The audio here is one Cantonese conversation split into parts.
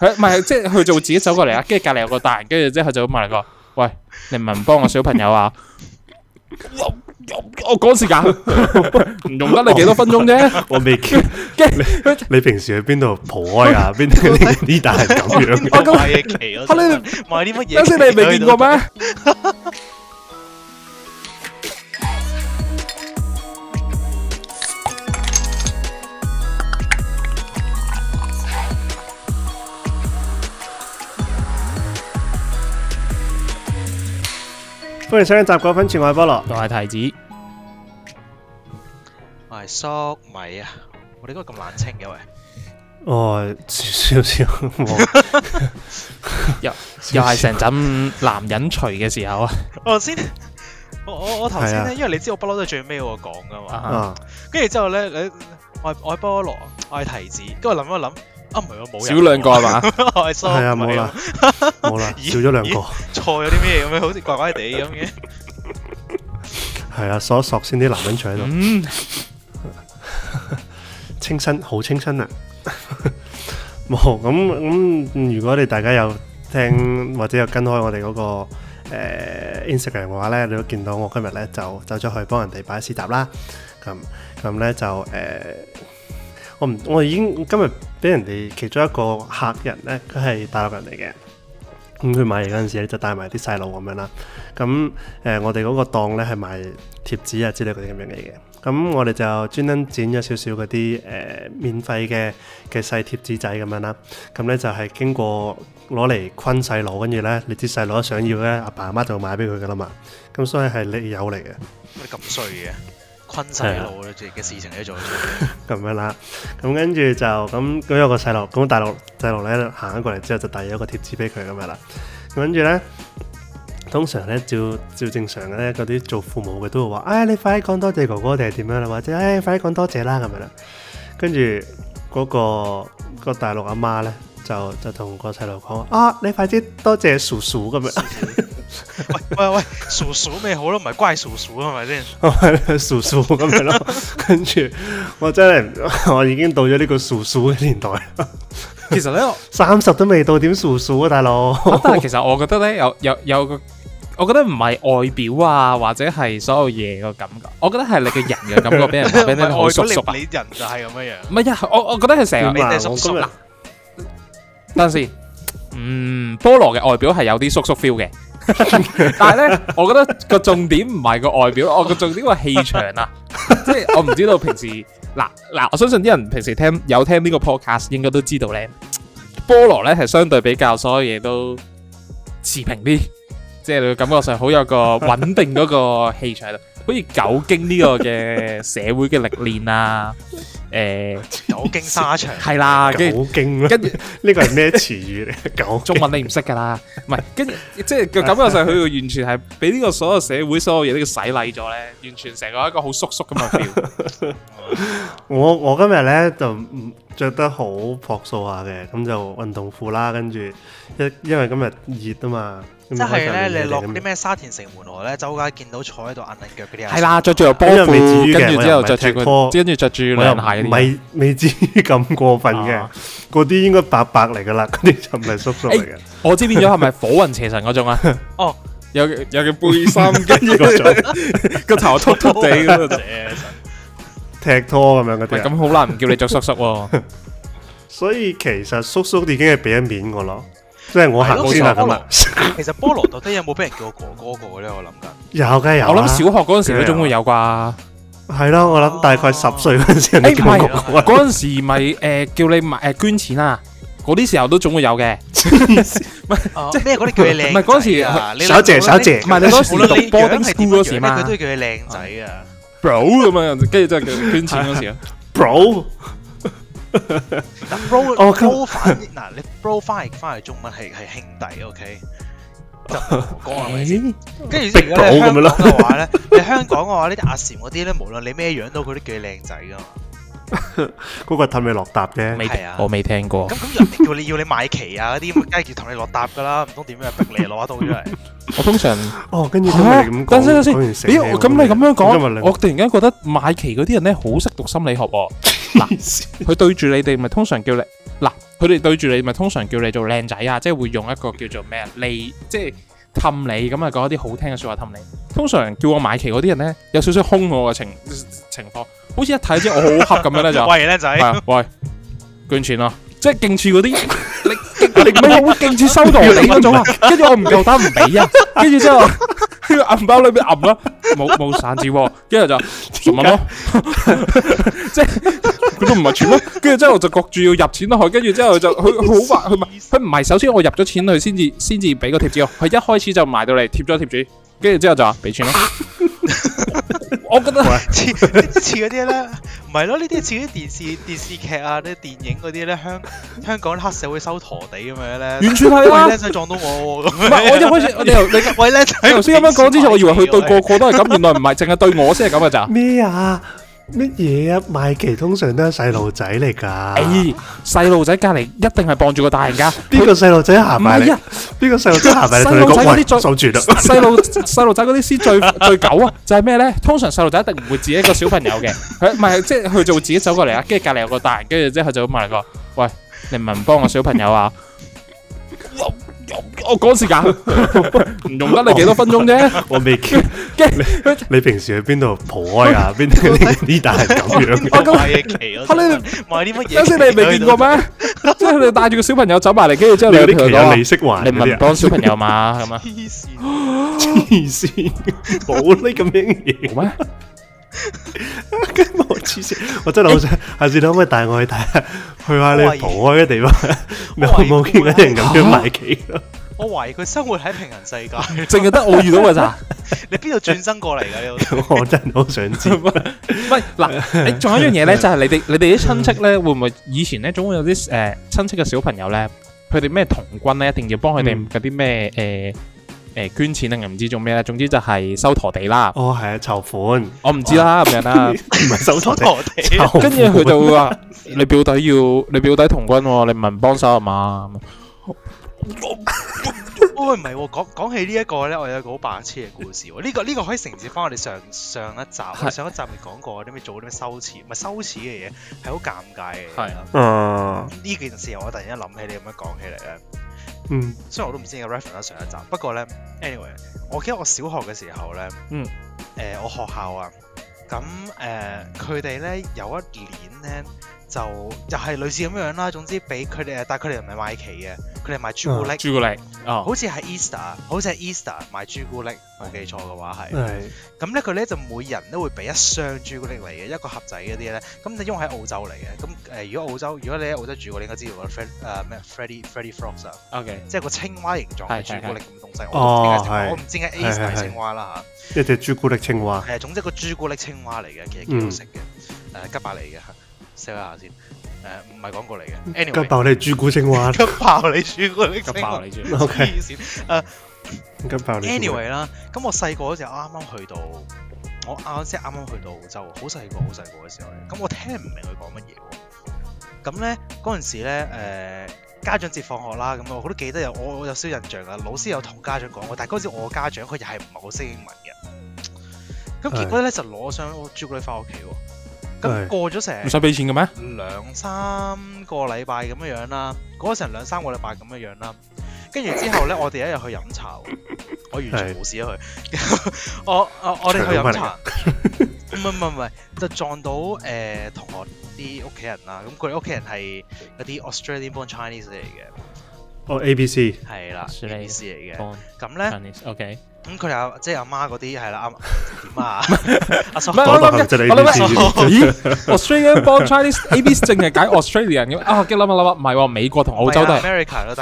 佢唔係，即係佢做自己走過嚟啊，跟住隔籬有個大人，跟住之後佢就問嚟個，喂，你唔係唔幫我小朋友啊？我我趕時間，唔用得你幾多分鐘啫。我未見，跟住你平時去邊度蒲開啊？邊啲啲但係咁樣，我今日奇，我你賣啲乜嘢？啱先你未見過咩？歡迎收聽《雜果 Punchy》，我係菠蘿，我係提子，我係粟米啊！我哋今日咁冷清嘅喂，哦，少少，少少 又少又係成陣男人除嘅時候啊！我先，我我頭先呢，因為你知道我不嬲都係最尾我講噶嘛，跟住、啊啊、之後咧，你我我係菠蘿，我，我，我係提子，跟住諗一諗。啊，唔係，少兩個係嘛？係啊，冇啦，冇啦，少咗兩個，錯咗啲咩？咁樣好似怪怪地咁嘅。係啊，索一索先啲男人坐喺度，清新，好清新啊！冇咁咁，如果你大家有聽或者有跟開我哋嗰、那個誒、呃、Instagram 嘅話咧，你都見到我今日咧就走咗去幫人哋擺市集啦。咁咁咧就誒。呃我我已經今日俾人哋其中一個客人咧，佢係大陸人嚟嘅，咁佢買嚟嗰陣時咧就帶埋啲細路咁樣啦。咁誒、呃，我哋嗰個檔咧係賣貼紙啊之類嗰啲咁樣嚟嘅。咁我哋就專登剪咗少少嗰啲誒免費嘅嘅細貼紙仔咁樣啦。咁咧就係、是、經過攞嚟昆細路，跟住咧你知細路想要咧，阿爸阿媽就會買俾佢噶啦嘛。咁所以係利誘嚟嘅。乜咁衰嘅？困細路嘅事情嚟做、 啊，咁樣啦。咁跟住就咁，咁有個細路，咁大陸細路咧行咗過嚟之後就，就遞咗個貼紙俾佢咁樣啦。咁跟住咧，通常咧照照正常嘅咧，嗰啲做父母嘅都會話，哎，你快啲講多謝哥哥定係點樣啦？或者，哎，快啲講多謝啦咁樣啦、啊。跟住嗰個個大陸阿媽咧。就就同個細路講話啊！你快啲多謝，謝叔叔咁樣。 喂喂喂，叔叔咪好咯？唔係乖叔叔係咪先？係 叔叔咁樣咯。跟住 我真係，我已經到咗呢個叔叔嘅年代 其實咧，三十都未到點叔叔啊，大佬、啊。但係其實我覺得咧，有有有個，我覺得唔係外表啊，或者係所有嘢個感覺，我覺得係你嘅人嘅感覺，俾 人話俾你好熟熟。你人就係咁樣樣。唔係啊，我我，我覺得佢成日熟，熟。啊陣時，嗯，菠蘿嘅外表係有啲叔叔 feel 嘅， 但係咧，我覺得個重點唔係個外表， 我個重點係氣場啦、啊，即係 我唔知道平時，嗱嗱，我相信啲人平時聽有聽呢個 podcast，應該都知道咧，菠蘿咧係相對比較所有嘢都持平啲，即係你感覺上好有個穩定嗰個氣場好似久經呢個嘅社會嘅歷練啊，誒、呃，久經沙場係啦，久經，跟住呢個係咩詞語咧？久 經中文你唔識噶啦，唔係 跟住即係咁嘅就佢、是、完全係俾呢個所有社會所有嘢都要洗禮咗咧，完全成個一個好叔叔噶嘛 feel 我我今日咧就唔着得好朴素下嘅，咁就運動褲啦，跟住一因為今日熱啊嘛。即係咧，你落啲咩沙田城門河咧，周街見到坐喺度硬硬腳嗰啲人，係啦，着住條波褲，跟住之後踢拖跟住着住涼鞋，未未至於咁過分嘅，嗰啲應該白白嚟噶啦，嗰啲就唔係叔叔嚟嘅。我知變咗係咪火雲邪神嗰種啊？哦，有有件背心，跟住個頭凸凸地咁，邪神踢拖咁樣嘅，咁好難唔叫你着叔叔喎。所以其實叔叔已經係俾咗面㗎咯。即係我行過先啦咁啊！其實菠蘿到底有冇俾人叫我哥哥嘅咧？我諗緊有嘅有。我諗小學嗰陣時都總會有啩，係咯。我諗大概十歲嗰陣時。誒唔係，嗰陣時咪誒叫你買誒捐錢啊！嗰啲時候都總會有嘅。唔係即係嗰啲叫你靚。唔係嗰時，小姐小姐。唔係你嗰時讀 boarding school 嗰時嘛？佢都叫你靚仔啊！Bro 咁樣，跟住真係叫捐錢嗰時啊，Bro。咁 bro，bro 反，嗱、 啊哦 啊、你 bro 翻翻係中文係係兄弟，OK？就講係咪先？跟住如果係香港嘅話咧，你 香港嘅話呢啲阿嬋嗰啲咧，無論你咩樣都，佢都幾靚仔噶嘛。嗰個氹你落搭嘅，係啊，我未聽過。咁咁人哋叫你要你買旗啊嗰啲，梗係要氹你落搭噶啦，唔通點樣逼你攞到出嚟？我通常哦，跟住咁，等一等先。咦，咁你咁樣講，我突然間覺得買旗嗰啲人咧，好識讀心理學。嗱，佢對住你哋，咪通常叫你嗱，佢哋對住你，咪通常叫你做靚仔啊，即係會用一個叫做咩？你即係氹你，咁啊講一啲好聽嘅說話氹你。通常叫我買旗嗰啲人咧，有少少兇我嘅情情況。好似一睇之後，我好黑咁樣咧，就喂，叻仔，喂，捐錢啦，即係勁似嗰啲，你你唔收袋，要幾多種啊？跟住我唔夠膽唔俾啊，跟住之後呢個銀包裏邊暗啦，冇冇散紙，跟住就什麼咯，即係佢都唔係錢咯，跟住之後就焗住要入錢咯，跟住之後就佢好快，佢唔佢唔係，首先我入咗錢佢先至先至俾個貼紙，佢一開始就埋到嚟貼咗貼紙，跟住之後就俾錢咯。我覺得似似嗰啲咧，唔係咯？呢啲似啲電視電視劇啊，啲電影嗰啲咧，香香港黑社會收陀地咁樣咧，完全係啦。喂，靚仔撞到我喎！唔係，我一開始 你又喂靚仔，頭先咁樣講之前，我以為佢對個個都係咁，原來唔係，淨係對我先係咁嘅咋？咩啊？乜嘢啊？賣旗通常都係細路仔嚟噶，誒，細路仔隔籬一定係傍住個大人噶。邊個細路仔行埋嚟？邊個細路仔行埋嚟？細路仔嗰啲最守住啦。細路細路仔嗰啲先最最狗啊！就係咩咧？通常細路仔一定唔會自己一個小朋友嘅。佢唔係？即係佢就會自己走過嚟啊？跟住隔籬有個大人，跟住之後就咁問嚟個：，喂，你唔係唔幫我小朋友啊？我嗰時間唔用得你幾多分鐘啫，我未見。你 你，你平時去邊度蒲哀啊？邊啲啲大係咁樣我。我咁，我 你賣啲乜嘢？你未見過咩？即係 你帶住個小朋友走埋嚟，跟住之後你又去講，你識玩啊？你唔幫小朋友嘛？咁啊？黐線， 黐線，冇呢咁樣嘢咩？ 我真係好想下次你可唔可以帶我去睇，下，去下你逃開嘅地方，我冇見有人咁樣賣旗，我懷疑佢 生活喺平行世界，淨係得我遇到咪咋？你邊度轉身過嚟嘅？我真係好想，知。喂，嗱，你仲有一樣嘢咧，就係你哋你哋啲親戚咧，會唔會以前咧總會有啲誒親戚嘅小朋友咧，佢哋咩童軍咧，一定要幫佢哋啲咩誒？嗯誒，捐錢定又唔知做咩啦，總之就係收陀地啦。哦，係啊，籌款，我唔知啦咁樣啦，唔係收咗陀地。跟住佢就會話，你表弟要你表弟童軍，你唔係唔幫手係嘛？喂，唔係，講講起呢一個咧，我有個好白痴嘅故事。呢個呢個可以承接翻我哋上上一集，上一集咪講過啲咩做啲咩羞恥，唔係羞恥嘅嘢係好尷尬嘅。係啊，呢件事我突然間諗起你咁樣講起嚟，咧。嗯，mm hmm. 雖然我都唔知個 reference 上一集，不過咧，anyway，我記得我小學嘅時候咧，嗯、mm，誒、hmm. 呃，我學校啊，咁、嗯、誒，佢哋咧有一年咧。就就係類似咁樣啦，總之俾佢哋，但係佢哋唔係賣旗嘅，佢哋賣朱古力。朱古力好似係 Easter，好似係 Easter 賣朱古力，冇記錯嘅話係。咁咧佢咧就每人都會俾一箱朱古力嚟嘅，一個盒仔嗰啲咧。咁你因為喺澳洲嚟嘅，咁誒如果澳洲，如果你喺澳洲住過，你應該知道個 Fred 咩 Freddy Freddy Frogs 即係個青蛙形狀嘅朱古力咁嘅東西。哦，我唔知 Easter 還是青蛙啦，即係一隻朱古力青蛙。係，總之個朱古力青蛙嚟嘅，其實幾好食嘅，誒吉百利嚟嘅。試下先，誒唔係講過嚟嘅。Anyway，吉爆你朱， 朱古力青蛙，爆你朱古力青蛙， 吉爆你朱。O K. 誒 Anyway 啦，咁我細個嗰時啱啱去到，我啱即係啱啱去到就好細個，好細個嘅時候，咁我聽唔明佢講乜嘢喎。咁咧嗰陣時咧，誒、呃、家長節放學啦，咁我都記得有我有少少印象嘅，老師有同家長講過，但係嗰時我家長佢又係唔係好識英文嘅。咁結果咧的就攞箱朱古力返屋企喎。咁過咗成，唔使俾錢嘅咩？兩三個禮拜咁樣樣啦，嗰個成兩三個禮拜咁樣樣啦，跟住之後咧，我哋一日去飲茶，我完全冇事佢，我我我哋去飲茶，唔係唔係唔係，就撞到誒同學啲屋企人啦，咁佢哋屋企人係一啲 Australian born Chinese 嚟嘅，哦 ABC 係啦，ABC 嚟嘅，咁咧，OK。咁佢阿即係阿媽嗰啲係啦，阿媽阿叔，唔係我諗一，我諗喂咦，Australian born Chinese A B C 淨係解 Australian 嘅啊，驚諗下諗下唔係喎，美國同澳洲都係，係咯，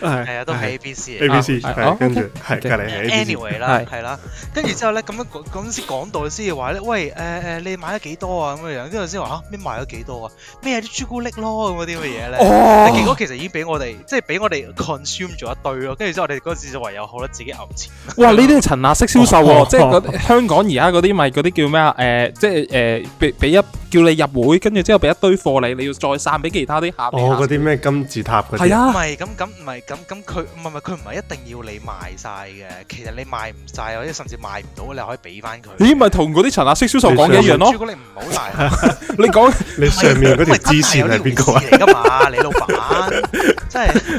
係啊，都係 A B C，A B C，跟住係隔籬係 A B C 啦，係啦，跟住之後咧咁樣講，嗰陣時講到先至話咧，喂誒誒，你買咗幾多啊？咁樣樣，之後先話啊咩買咗幾多啊？咩啲朱古力咯？咁嗰啲咁嘅嘢咧，哦，結果其實已經俾我哋即係俾我哋 consume 咗一堆咯，跟住之後我哋嗰陣時就唯有好啦，自己牛。哇！呢啲係層壓式銷售喎，即係香港而家嗰啲咪嗰啲叫咩啊？誒、呃，即係誒，俾俾一。叫你入會，跟住之後俾一堆貨你，你要再散俾其他啲客。哦，嗰啲咩金字塔嗰啲？唔係咁，咁唔係咁，咁佢唔係唔係佢唔係一定要你賣曬嘅。其實你賣唔曬，或者甚至賣唔到，你可以俾翻佢。咦？咪同嗰啲層壓式銷售講嘅一樣咯？如果你唔好賣，你講你上面嗰條支線係邊個嚟嘅嘛？你老闆，真係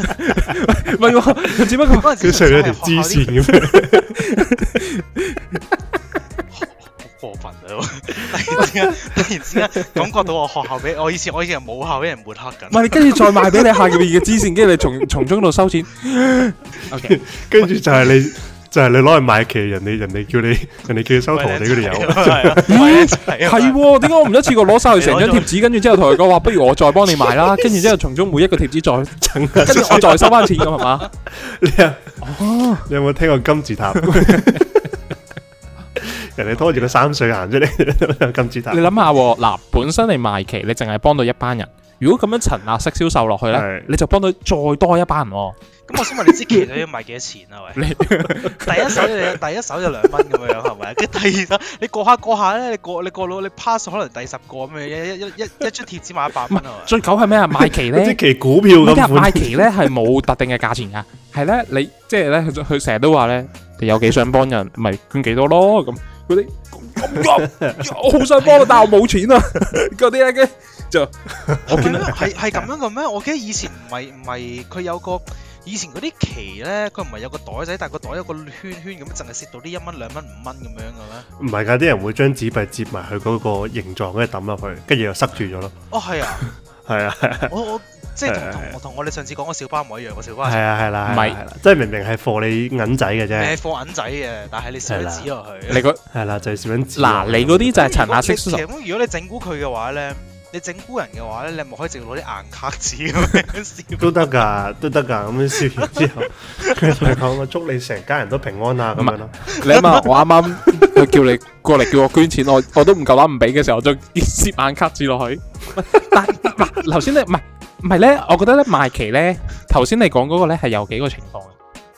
唔係？點解佢上面嗰條支線咁？突然之間感覺到我學校俾我以前我以前母校俾人抹黑緊，唔係，跟住再賣俾你下個月嘅支線，跟住你從從中度收錢，跟、okay. 住就係你就係、是、你攞去賣旗，人哋人哋叫你人哋叫收徒，你嗰度有，係啊，係點解我唔的、嗯、一次過攞晒佢成張貼紙，跟住之後同佢講話不如我再幫你賣啦，跟住之後從中每一個貼紙再跟住我再收翻錢咁係嘛？你啊，你有冇聽過金字塔？ 人哋拖住個三歲行出嚟咁之大，你諗下嗱，本身你賣旗，你淨係幫到一班人。如果咁樣層壓式銷售落去咧，你就幫到再多一班人。咁我想問你，支旗你要賣幾多錢啊？喂，第一手第一手就兩蚊咁樣，係咪？跟第二手你過下過下咧，你過你過到你 pass 可能第十個咁樣，一一一一張貼紙賣一百蚊啊？最狗係咩啊？賣旗咧，賣旗股票咁，賣旗咧係冇特定嘅價錢噶，係咧你即係咧佢佢成日都話咧，你有幾想幫人咪捐幾多咯咁。嗰啲咁咁，我好想幫啦，但係我冇錢啊！嗰啲咧就係係咁樣嘅咩？我記得以前唔係唔係佢有個以前嗰啲旗咧，佢唔係有個袋仔，但係個袋有個圈圈咁，淨係攝到啲一蚊兩蚊五蚊咁樣嘅咩？唔係噶，啲人會將紙幣折埋佢嗰個形狀，跟住抌落去，跟住又塞住咗咯。哦，係啊，係啊，我我。即係同同我同我哋上次講個小巴冇一樣，個小巴係啊，係啦，唔係係啦，即係明明係放你銀仔嘅啫，係放銀仔嘅，但係你寫紙落去，你嗰，係啦，就係寫張紙嗱。你嗰啲就係陳亞飾咁。如果你整蠱佢嘅話咧，你整蠱人嘅話咧，你咪可以直接攞啲硬卡紙咁樣燒都得㗎，都得㗎。咁燒完之後，佢嚟講：我祝你成家人都平安啊咁樣咯。你啱啱我啱啱佢叫你過嚟叫我捐錢，我我都唔夠膽唔俾嘅時候，我就攝硬卡紙落去。但嗱，頭先你唔係。唔係咧，我覺得咧賣旗咧，頭先你講嗰個咧係有幾個情況。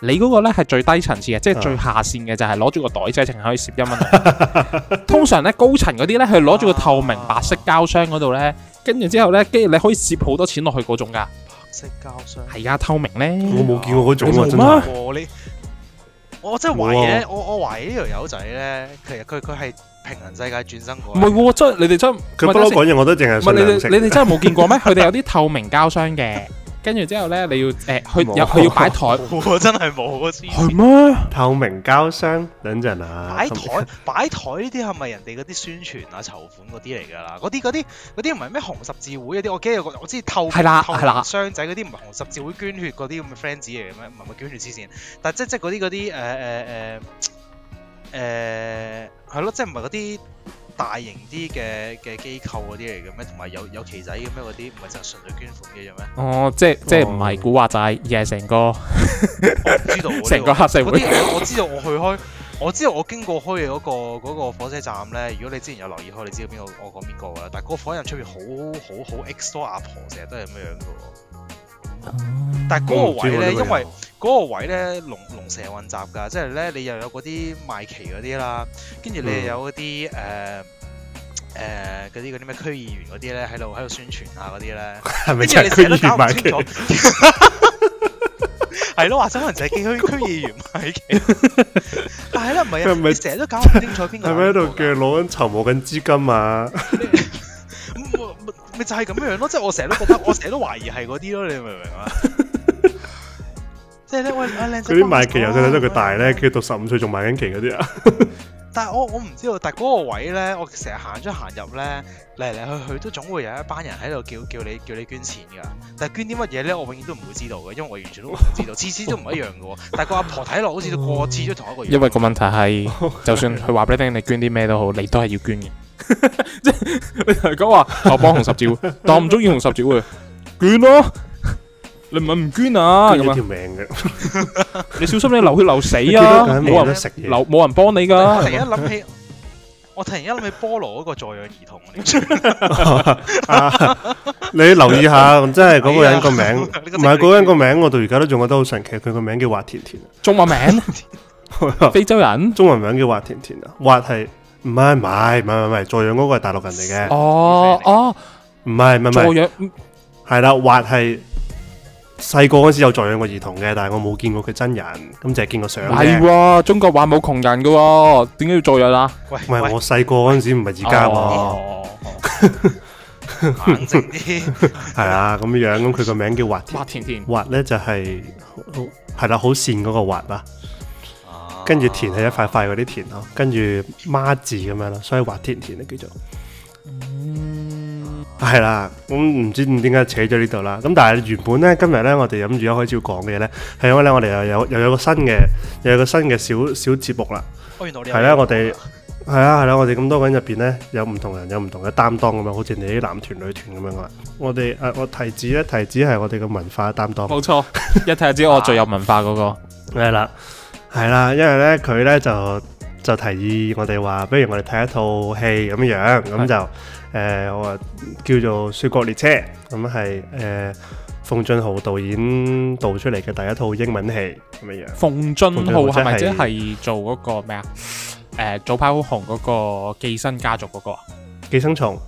你嗰個咧係最低層次嘅，即係最下線嘅就係攞住個袋仔淨係可以攝音啊。 通常咧高層嗰啲咧係攞住個透明白色膠箱嗰度咧，跟住之後咧，跟住你可以攝好多錢落去嗰種噶。白色膠箱？係啊，透明咧，我冇見過嗰種啊，真係。我真係懷疑，我、啊、我，我，我懷疑呢條友仔咧，其實佢佢係。平行世界轉生嗰？唔係喎，真你哋真佢不嬲講嘢，我都淨係。唔係你哋，你哋真係冇見過咩？佢哋有啲透明膠箱嘅，跟住之後咧，你要誒去入去要擺台。我真係冇啊！黐線。係咩？透明膠箱，等陣啊！擺台擺台呢啲係咪人哋嗰啲宣傳啊籌款嗰啲嚟㗎啦？嗰啲嗰啲嗰啲唔係咩紅十字會嗰啲？我記得我我知透係啦係啦，箱仔嗰啲唔係紅十字會捐血嗰啲咁嘅 friend 仔嚟㗎咩？唔係咪捐血黐線，但係即即嗰啲嗰啲誒誒誒誒。係咯，即係唔係嗰啲大型啲嘅嘅機構嗰啲嚟嘅咩？同埋有有旗仔嘅咩嗰啲，唔係真係純粹捐款嘅嘢咩？哦，即係即係唔係古惑仔？而係成個， 我知道，成 個黑社會。嗰啲我，我知道我去開，我知道我經過開嘅嗰、嗰個嗰個火車站咧。如果你之前有留意開，你知道邊個我講邊個嘅啦。但係嗰個火車站出面好好好 X 多阿婆，成日都係咁樣嘅喎。但係嗰個位咧，哦、因為嗰個位咧，龍龍蛇混雜噶，即係咧，你，你又有嗰啲賣旗嗰啲啦，跟住你又有嗰啲誒誒嗰啲啲咩區議員嗰啲咧，喺度喺度宣傳下嗰啲咧，跟住你成日都搞唔清楚，係咯，話真係淨係見區區議員賣旗，但係啦，唔係成日都搞唔清楚邊個喺度叫，攞緊籌募緊資金啊！ 咪就係咁樣樣咯，即係我成日都覺得，我成日都懷疑係嗰啲咯，你明唔明啊？即係咧，喂，阿靚，嗰啲賣旗又真係得佢大咧，佢讀十五歲仲賣緊旗嗰啲啊！但係我我唔知道，但係嗰個位咧，我成日行出行入咧，嚟嚟去去都總會有一班人喺度叫，叫你叫你捐錢噶。但係捐啲乜嘢咧，我永遠都唔會知道嘅，因為我完全都唔知道，次次都唔一樣㗎。但係個阿婆睇落好似都過似咗同一個樣。因為個問題係，就算佢話畀你聽，你捐啲咩都好，你都係要捐嘅。即係你係講話我幫紅十字會，但我唔中意紅十字會捐咯。你唔係唔捐啊？咁啊，你小心你流血流死啊！冇人咁食嘢，流冇人幫你噶。突然間諗起，我突然間諗起菠蘿嗰個在養兒童啊！你留意下，真係嗰個人個名唔係嗰個人個名，我到而家都仲覺得好神奇。佢個名叫華甜甜，中文名，非洲人，中文名叫華甜甜啊，華係。唔係，唔係，唔係，唔係，助養嗰個係大陸人嚟嘅。哦哦、啊，唔係，唔係，助養係啦，滑係細個嗰陣時有助養過兒童嘅，但係我冇見過佢真人，咁淨係見過相嘅。係、哦，中國滑冇窮人噶、哦，點解要助養啊？唔係我細個嗰陣時唔係而家喎。冷靜啲。係啦、啊，咁樣咁，佢個名叫滑天天天滑甜。滑咧就係、是，係啦、哦，好善嗰個滑啦。跟住田係一塊塊嗰啲田咯，跟住孖字咁樣咯，所以滑田田咧叫做，嗯，係啦，咁、嗯、唔知點解扯咗呢度啦，咁但係原本咧今日咧我哋諗住一開始要講嘅嘢咧，係因為咧我哋又有又有，有個新嘅，又有個新嘅小小節目啦，係啦、哦啊，我哋係啊係啦，我哋咁多個人入邊咧，有唔同人有唔同嘅擔當咁樣，好似你啲男團女團咁樣噶，我哋誒我提子咧提子係我哋嘅文化擔當。冇錯、啊，一睇就知我最有文化嗰、那個，係啦。 係啦，因為咧佢咧就就提議我哋話，不如我哋睇一套戲咁樣，咁就誒我話叫做《雪國列車》，咁係誒馮俊豪導演導出嚟嘅第一套英文戲咁樣。馮俊豪係咪即係做嗰個咩啊？誒，早排好紅嗰個寄生家族嗰個寄生蟲。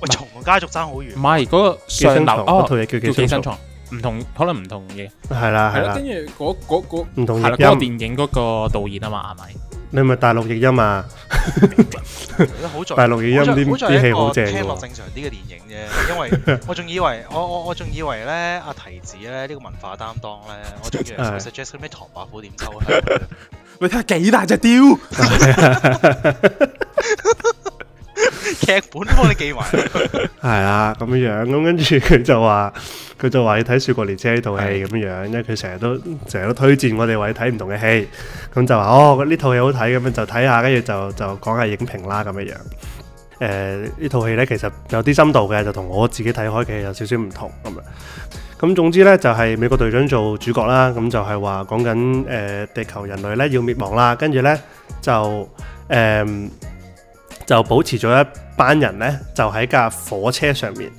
喂，蟲嘅家族爭好遠。唔係嗰個寄生蟲，嗰套嘢叫寄生蟲。唔同可能唔同嘅，係啦係啦，跟住嗰嗰嗰唔同嘅音，嗰個電影嗰個導演啊嘛。係咪，你咪大陸譯音啊，大陸譯音啲啲戲好正喎。正常啲嘅電影啫，因為我仲以為我我我仲以為咧阿提子咧呢個文化擔當咧，我仲以為 suggest 咩唐伯虎點秋香，你睇下幾大隻雕。劇本都幫你記埋，係啊，咁樣樣，咁跟住佢就話，佢就話要睇《雪國列車》呢套戲咁樣，因為佢成日都成日都推薦我哋話要睇唔同嘅戲，咁就話哦呢套戲好睇，咁樣就睇下，跟住就就講下影評啦咁樣樣。誒呢套戲呢，其實有啲深度嘅，就同我自己睇開嘅有少少唔同咁樣。咁總之呢，就係美國隊長做主角啦，咁就係話講緊誒地球人類呢要滅亡啦，跟住呢，就誒。呃呃嗯就保持咗一班人呢，就喺架火車上面，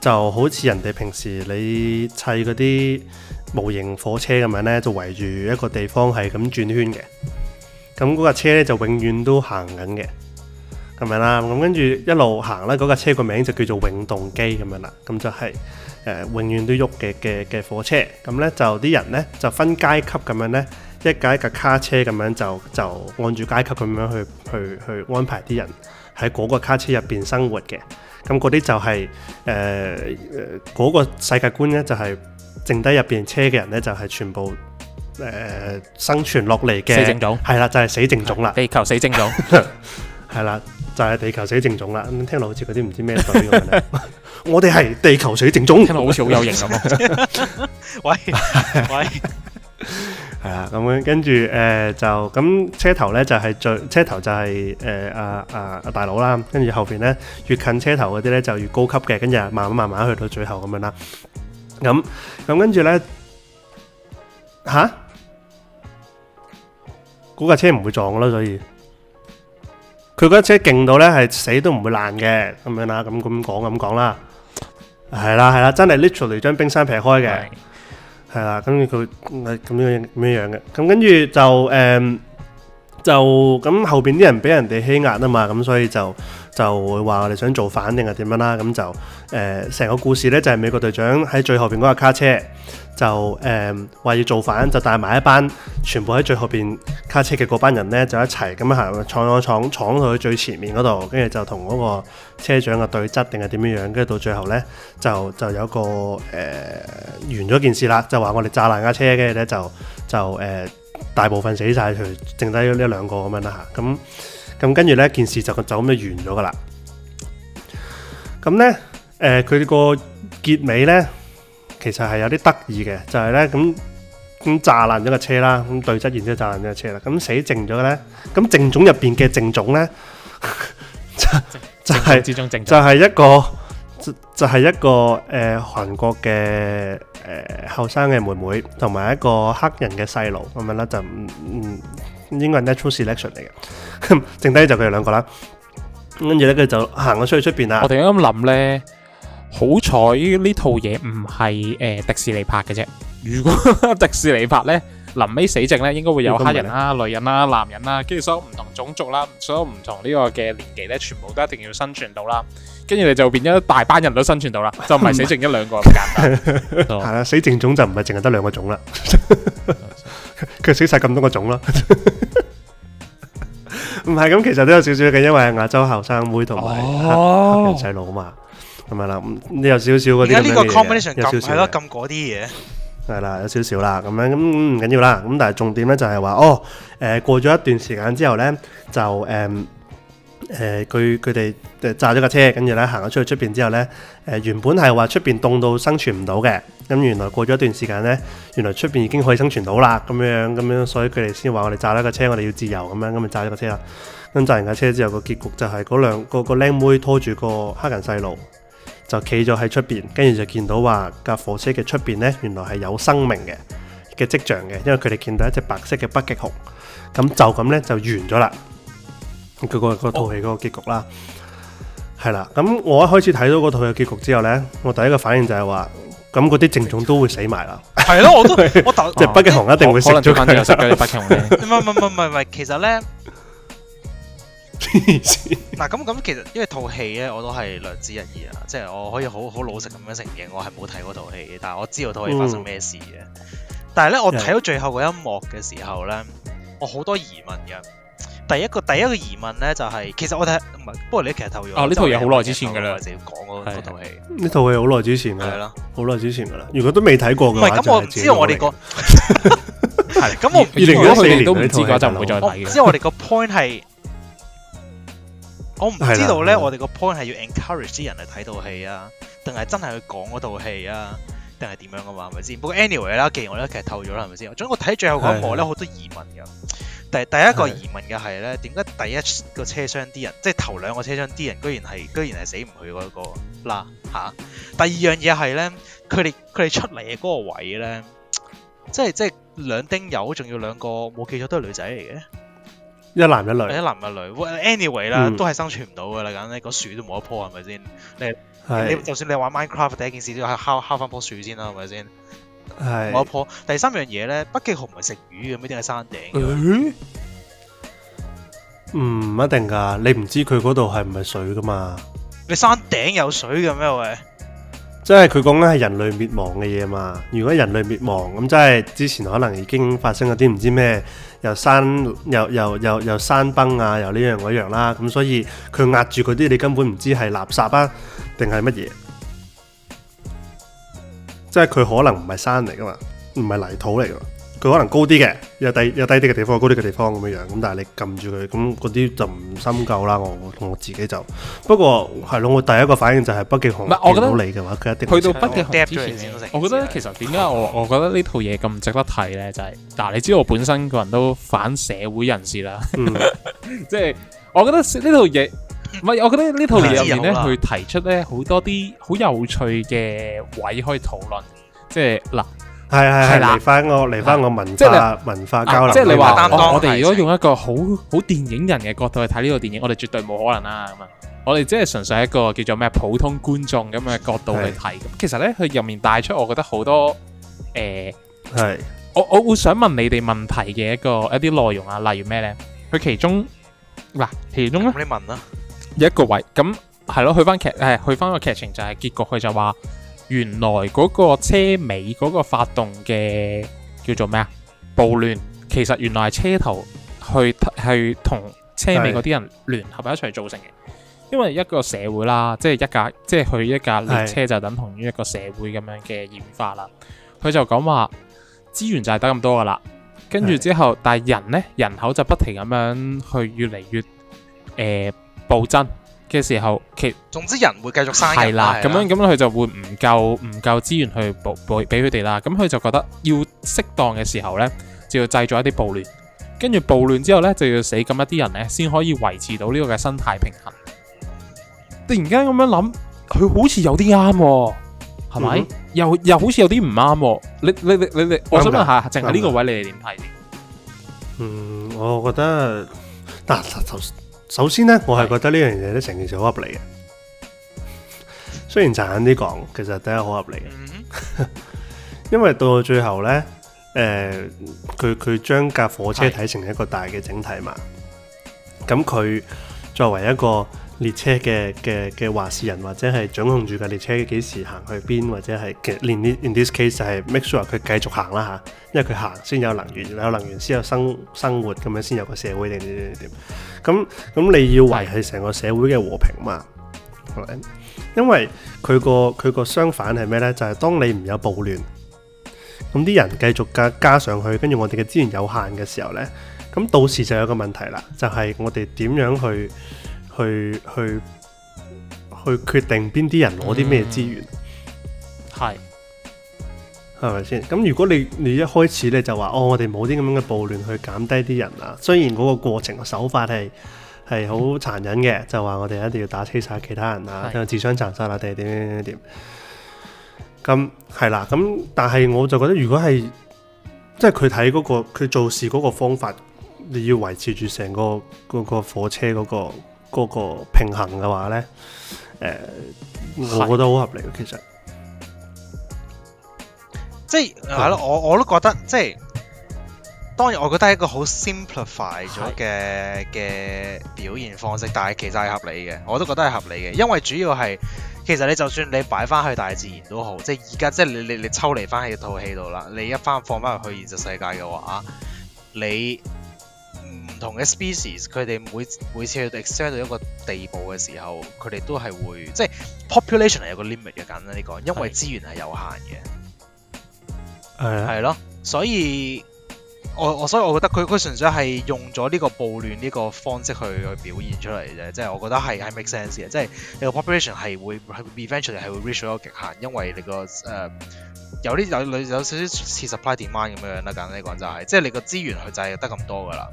就好似人哋平時你砌嗰啲模型火車咁樣呢，就圍住一個地方係咁轉圈嘅。咁嗰架車呢，就永遠都行緊嘅，咁樣啦。咁跟住一路行咧，嗰架車個名就叫做永動機咁樣啦。咁就係誒永遠都喐嘅嘅嘅火車。咁呢，就啲人呢，就分階級咁樣呢，一架一架卡車咁樣就就按住階級咁樣去去去安排啲人。喺嗰個卡車入邊生活嘅，咁嗰啲就係誒，嗰個世界觀咧就係剩低入邊車嘅人咧就係全部誒生存落嚟嘅，死剩種係啦，就係死剩種啦，地球死剩種係啦，就係地球死剩種啦，聽落好似嗰啲唔知咩隊咁，我哋係地球死剩種，聽落好似好有型咁咯，喂喂。係啦，咁樣、啊、跟住，誒、呃，就咁車頭咧就係、是、最車頭就係誒阿阿阿大佬啦，跟住後邊咧越近車頭嗰啲咧就越高級嘅，跟住慢慢慢慢去到最後咁樣啦。咁咁跟住咧，吓，嗰架車唔會撞嘅咯，所以佢嗰架車勁到咧係死都唔會爛嘅，咁樣啦，咁咁講咁講啦，係啦係啦，真係 literally 將冰山劈開嘅。係啦， 跟住佢係咁樣樣嘅，咁跟住就誒。就咁後邊啲人俾人哋欺壓啊嘛，咁所以就就會話我哋想造反定係點樣啦、啊，咁就誒成、呃、個故事呢，就係、是、美國隊長喺最後邊嗰個卡車就誒話、呃、要造反，就帶埋一班全部喺最後邊卡車嘅嗰班人呢，就一齊咁樣行闖闖闖闖去最前面嗰度，跟住就同嗰個車長嘅對質定係點樣樣，跟住到最後呢，就就有個誒、呃、完咗件事啦，就話我哋炸爛架車嘅呢，就就誒。呃大部分死晒，佢剩低呢兩個咁樣啦吓，咁咁跟住咧件事就就咁樣就完咗噶啦。咁咧誒，佢、呃、個結尾咧其實係有啲得意嘅，就係咧咁咁炸爛咗個車啦，咁對質完之後炸爛咗個車啦，咁死剩咗嘅咧，咁正種入邊嘅正種咧 就、就係就係一個。就就係一個誒韓國嘅誒後生嘅妹妹，同埋一個黑人嘅細路咁樣啦，就嗯、嗯、嗯，應該係 natural selection 嚟嘅，剩低就佢哋兩個啦。跟住咧，佢就行咗出去出邊啦。我突然間諗咧，好彩呢套嘢唔係誒迪士尼拍嘅啫，如果 迪士尼拍咧。臨尾死剩咧，應該會有黑人啦、女人啦、男人啦，跟住所有唔同種族啦，所有唔同呢個嘅年紀咧，全部都一定要生存到啦。跟住你就變咗一大班人都生存到啦，就唔係死剩一兩個咁簡單。係啦，死剩種就唔係淨係得兩個種啦，佢死晒咁多個種咯。唔係咁，其實都有少少嘅，因為亞洲後生妹同埋黑人細佬啊嘛，係咪啦？你有少少嗰啲，而家呢個 combination 係咯，咁嗰啲嘢。係、嗯、啦，有少少啦，咁樣咁唔緊要啦。咁但係重點咧就係話，哦，誒、呃、過咗一段時間之後咧，就誒誒佢佢哋誒炸咗架車，跟住咧行咗出去出邊之後咧，誒、呃、原本係話出邊凍到生存唔到嘅，咁原來過咗一段時間咧，原來出邊已經可以生存到啦，咁樣咁樣，所以佢哋先話我哋炸咗架車，我哋要自由咁樣，咁就炸咗架車啦。咁炸完架車之後，結個結局就係嗰兩嗰個靚、那個、妹拖住個黑人細路，就企咗喺出邊，跟住就見到話架火車嘅出邊呢，原來係有生命嘅嘅跡象嘅，因為佢哋見到一隻白色嘅北極熊。咁就咁呢，就完咗啦，佢、嗰個套、嗰個、戲嗰個結局啦，係啦、oh。咁我一開始睇到嗰套嘅結局之後呢，我第一個反應就係話，咁嗰啲症眾都會死埋啦。係咯，我都我就北極熊一定會死咗佢。可能扮嘅設計嘅北極熊。唔係唔係唔係其實呢。嗱咁咁， 其實因為套戲咧，我都係略知一二啊。即、就、係、係、我可以好好老實咁樣承認，我係冇睇嗰套戲嘅，但係我知道套戲發生咩事嘅。嗯、但係咧，我睇到最後嗰一幕嘅時候咧，我好多疑問嘅。第一個第一個疑問咧、就係，就係其實我睇，係，不過你劇透咗啊？呢套嘢好耐之前噶啦，就要講套戲。呢套戲好耐之前嘅，好耐之前噶啦。如果都未睇過嘅，唔係咁我，之前我哋個係咁我二零一四年都唔知嘅話，就唔 會再睇。我知我哋個 point 係。我唔知道咧，我哋個 point 係要 encourage 啲人嚟睇套戲啊，定係真係去講嗰套戲啊，定係點樣噶、啊、嘛？係咪先？不過 anyway 啦，既然我咧劇透咗啦，係咪先？總之我睇最後嗰一幕咧，好的多疑問㗎。第第一個疑問嘅係咧，點解第一個車廂啲人，的即係頭兩個車廂啲人居，居然係居然係死唔去嗰個嗱、啊、第二樣嘢係咧，佢哋佢哋出嚟嘅嗰個位咧，即係即係兩丁友，仲要兩個冇記錯都係女仔嚟嘅。一男一女，一男一女。Anyway 啦，都係生存唔到噶啦，咁咧個樹都冇一棵，係咪先？你你就算你玩 Minecraft，第一件事都要敲敲翻棵樹先啦，係咪先？係，冇一棵。第三樣嘢咧，北極熊唔係食魚嘅咩？點解山頂？嗯，唔一定噶，你唔知佢嗰度係唔係水噶嘛？你山頂有水嘅咩？喂？因為佢講緊係人類滅亡嘅嘢嘛，如果人類滅亡咁，即係之前可能已經發生咗啲唔知咩，又山又又又又山崩啊，又呢樣嗰樣啦，咁所以佢壓住嗰啲，你根本唔知係垃圾啊定係乜嘢，即係佢可能唔係山嚟噶嘛，唔係泥土嚟噶。佢可能高啲嘅，有低有低啲嘅地方，有高啲嘅地方咁樣樣，咁但係你撳住佢，咁嗰啲就唔深究啦。我我自己就不過係咯，我第一個反應就係《北極熊》唔係，我覺得冇嘅話，佢一啲去到《北極熊》之前，我，你都我覺得其實點解我 我覺得呢套嘢咁值得睇咧？就係、是、嗱、啊，你知道我本身個人都反社會人士啦，即係我覺得呢套嘢唔係，我覺得，我覺得呢套嘢入面咧，佢提出咧好多啲好有趣嘅位可以討論，即係嗱。係係係，嚟翻我嚟翻我文化文化交流，即係你話。我哋如果用一個好好電影人嘅角度去睇呢個電影，我哋絕對冇可能啊嘛。我哋即係純粹一個叫做咩普通觀眾咁嘅角度去睇。咁其實咧，佢入面帶出我覺得好多誒。係我我會想問你哋問題嘅一個一啲內容啊，例如咩咧？佢其中嗱，其中咧，你問啦。有一個位咁係咯，去翻劇誒，去翻個劇情就係結局，佢就話。原來嗰個車尾嗰個發動嘅叫做咩啊，暴亂，其實原來係車頭去去同車尾嗰啲人聯合一齊造成嘅。是因為一個社會啦，即係一架即係去一架列車就等同於一個社會咁樣嘅演化啦。佢是就講話資源就係得咁多噶啦，跟住之後，是但係人呢，人口就不停咁樣去越嚟越、呃、暴增，嘅時候，其總之人會繼續生，係啦咁樣，咁佢就會唔夠唔夠資源去補補俾佢哋啦。咁佢就覺得要適當嘅時候呢，就要製造一啲暴亂，跟住暴亂之後呢，就要死咁一啲人呢，先可以維持到呢個嘅生態平衡。突然間咁樣諗，佢好似有啲啱哦，係咪？mm hmm. 又又好似有啲唔啱。你你你你我想問下，淨係呢個位是是你哋點睇？嗯，我覺得 首先咧，是我係覺得呢樣嘢咧，成件事好合理嘅。雖然殘忍啲講，其實都係好合理嘅， 因為到最後咧，誒、呃，佢佢將架火車睇成一個大嘅整體嘛。咁佢是作為一個列車嘅嘅嘅話事人，或者係掌控住架列車幾時行去邊，或者係其實，In this case 就係 make sure 佢繼續行啦嚇，因為佢行先有能源，有能源先有生生活，咁樣先有個社會定點點點。咁咁你要維係成個社會嘅和平嘛？對因為佢個佢個相反係咩呢？就係、是、當你唔有暴亂，咁啲人繼續加加上去，跟住我哋嘅資源有限嘅時候呢，咁到時就有個問題啦，就係、是、我哋點樣去去去去，去決定邊啲人攞啲咩資源？係、嗯。係咪先？咁如果你你一開始咧就話哦，我哋冇啲咁樣嘅暴亂去減低啲人啊，雖然嗰個過程手法係係好殘忍嘅，就話我哋一定要打車晒其他人啊，然後的自相殘殺啊，定係點點點點。咁係啦，咁但係我就覺得，如果係即係佢睇嗰個佢做事嗰個方法，你要維持住成個嗰、嗰個火車嗰、嗰個、嗰個平衡嘅話咧，誒、呃，我覺得好合理嘅其實。即係係咯，嗯、我我都覺得即係，當然我覺得係一個好 simplified 咗嘅嘅表現方式，但係其實係合理嘅，我都覺得係合理嘅，因為主要係其實你就算你擺翻去大自然都好，即係而家即係你你，你，你抽離翻喺套戲度啦，你一翻放翻去現實世界嘅話，你唔同嘅 species 佢哋每每次去 extend 到一個地步嘅時候，佢哋都係會即係 population 係有個 limit 嘅，簡單啲講，因為資源係有限嘅。係係咯，所以我我所以我覺得佢佢純粹係用咗呢個暴亂呢個方式去去表現出嚟啫，即係我覺得係係 make sense 嘅，即係你個 population 係會係 eventually 係會 reach 到極限，因為你個誒有啲有有少少似 supply demand 咁樣啦，簡單講就係即係你個資源佢就係得咁多噶啦，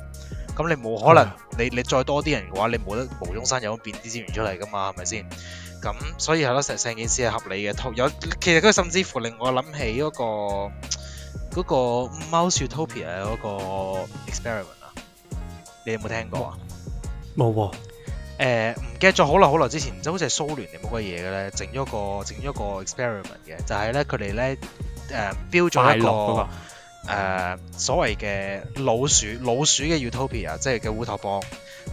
咁你冇可能 Yeah. 你你再多啲人嘅話，你冇得無中生有變啲資源出嚟噶嘛，係咪先？咁所以係咯，成成件事係合理嘅。有其實佢甚至乎令我諗起嗰個嗰個 Mouse Utopia 啊嗰個 experiment 啊，你有冇聽過啊？冇喎。誒唔記得咗好耐好耐之前，即係好似係蘇聯定乜鬼嘢嘅咧，整咗個整咗個 experiment 嘅，就係咧佢哋咧誒標咗一個。誒、uh，所謂嘅老鼠老鼠嘅 utopia，即係嘅烏托邦，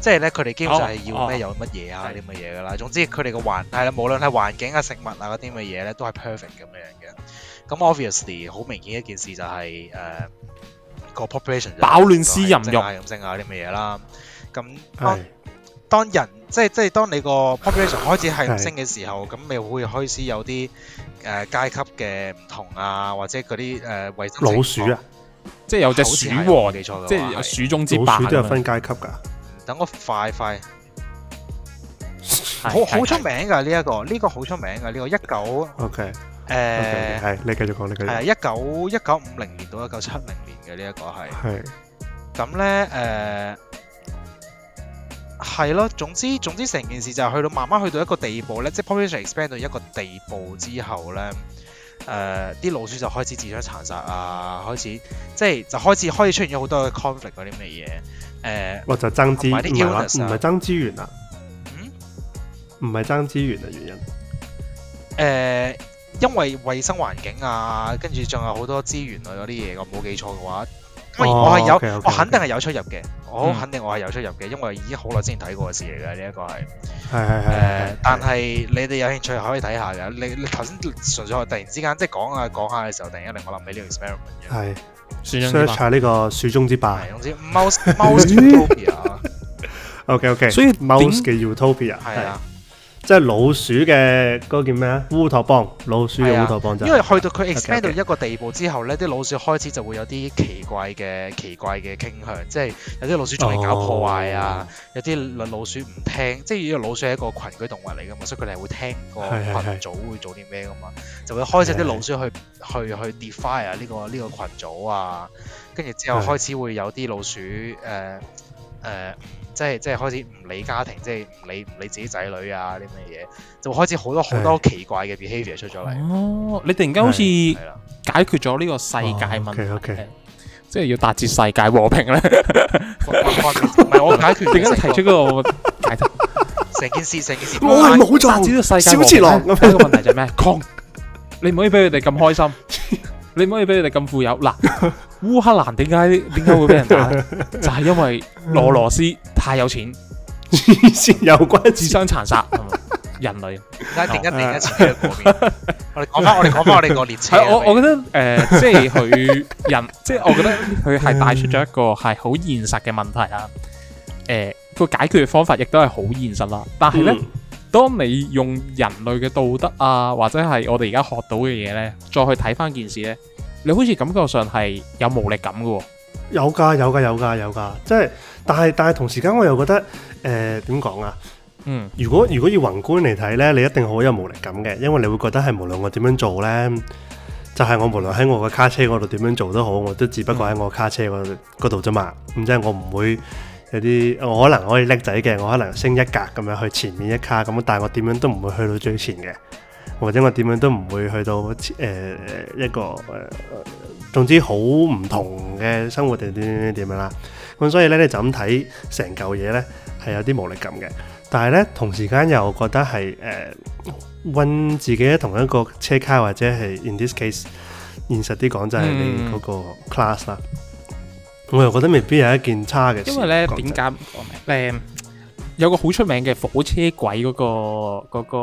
即係咧佢哋基本上係要咩有乜嘢啊啲乜嘢噶啦。總之佢哋嘅環係啦，無論係環境啊、食物啊嗰啲乜嘢咧，都係 perfect 咁樣嘅。咁 obviously 好明顯一件事就係、是、誒、呃那個 population 飽暖思淫慾係咁升下啲乜嘢啦。咁當，是當人即係即係當你個 population 開始係唔升嘅時候，咁咪是會開始有啲。誒階、呃、級嘅唔同啊，或者嗰啲誒衛生老鼠啊，即係有隻鼠喎，你錯咗，即係鼠中之白。老鼠都有分階級噶。等、嗯、我快快，是好是是是好出名噶呢一個，呢、呢個好出名噶呢、呢個一九。O Okay , K okay,、呃。誒，係你繼續講，你繼續。係一九一九五零年到一九七零年嘅、呢個、是呢一個係。係、呃。咁咧誒。係咯，總之總之成件事就係去到慢慢去到一個地步咧，即係 population expand 到一個地步之後咧，誒、呃，啲老鼠就開始自相殘殺啊，開始即係就開始開始出現咗好多 conflict 嗰啲咩嘢？誒、呃，我就爭資源唔係爭資源啊，嗯，唔係爭資源啊原因，誒、呃，因為衛生環境啊，跟住仲有好多資源類嗰啲嘢，我冇記錯嘅話。我係有，我肯定係有出入嘅。我肯定我係有出入嘅，因為已經好耐之前睇過嘅事嚟嘅。呢一個係，係係係。但係你哋有興趣可以睇下嘅。你你頭先純粹係突然之間即係講下講下嘅時候，突然間令我諗起呢條 experiment 嘅。係，search 下呢個樹中之霸。OK OK，所以 mouse 嘅 utopia 係啊。即係老鼠嘅嗰個叫咩啊？烏托邦老鼠嘅烏托邦就係，因為去到佢 expand 到一個地步之後咧，啲 Okay, okay. 老鼠開始就會有啲奇怪嘅奇怪嘅傾向，即係有啲老鼠鍾意搞破壞啊，oh. 有啲老鼠唔聽，即係因為老鼠係一個群居動物嚟噶嘛，所以佢哋會聽個群組會做啲咩噶嘛，是是是就會開始啲老鼠去是是是去去，去 defy 啊、呢、呢個呢、呢個呢個群組啊，跟住之後開始會有啲老鼠誒誒。呃呃呃即係即係開始唔理家庭，即係唔理唔理自己仔女啊啲咩嘢，就開始好多好多奇怪嘅 behaviour 出咗嚟。哦的，你突然間好似解決咗呢個世界問題，oh, okay, okay. 即係要達至世界和平咧。唔 係我，我，我，我解決，突然間提出解個，成件事成件事，件事件事我冇錯。達至世界和平呢，小次郎個問題就咩 c 你唔可以俾佢哋咁開心。 你唔可以俾你哋咁富有嗱，烏 克蘭點解點解會俾人打？就係、是、因為俄羅斯太有錢，先有關自相殘殺， 人類點解點解自己喺嗰邊？我哋講翻，我哋講翻我哋個列車、啊啊。我我覺得誒、呃，即係佢人， 即係我覺得佢係帶出咗一個係好現實嘅問題啦。誒、嗯，個、嗯、解決方法亦都係好現實啦，但係咧。嗯當你用人類嘅道德啊，或者係我哋而家學到嘅嘢，呢，再去睇翻件事呢，你好似感覺上係有無力感噶喎、哦。有噶，有噶，有噶，有噶，即係，但係但係同時間我又覺得，誒、呃，點講啊？嗯，如果如果以宏觀嚟睇呢，你一定好有無力感嘅，因為你會覺得係無論我點樣做呢，就係、是、我無論喺我嘅卡車嗰度點樣做都好，我都只不過喺我卡車嗰度啫嘛。咁即係我唔會。啲我可能可以叻仔嘅，我可能升一格咁樣去前面一卡咁樣，但係我點樣都唔會去到最前嘅，或者我點樣都唔會去到誒、呃、一個誒、呃、總之好唔同嘅生活定點點點點樣啦。咁所以咧，你就咁睇成嚿嘢咧，係有啲無力感嘅，但係咧同時間又覺得係誒搵自己同一個車卡，或者係 in this case 現實啲講就係你嗰個 class 啦、嗯。嗯。我又覺得未必係一件差嘅事。因為咧，點解誒有個好出名嘅火車軌嗰個嗰個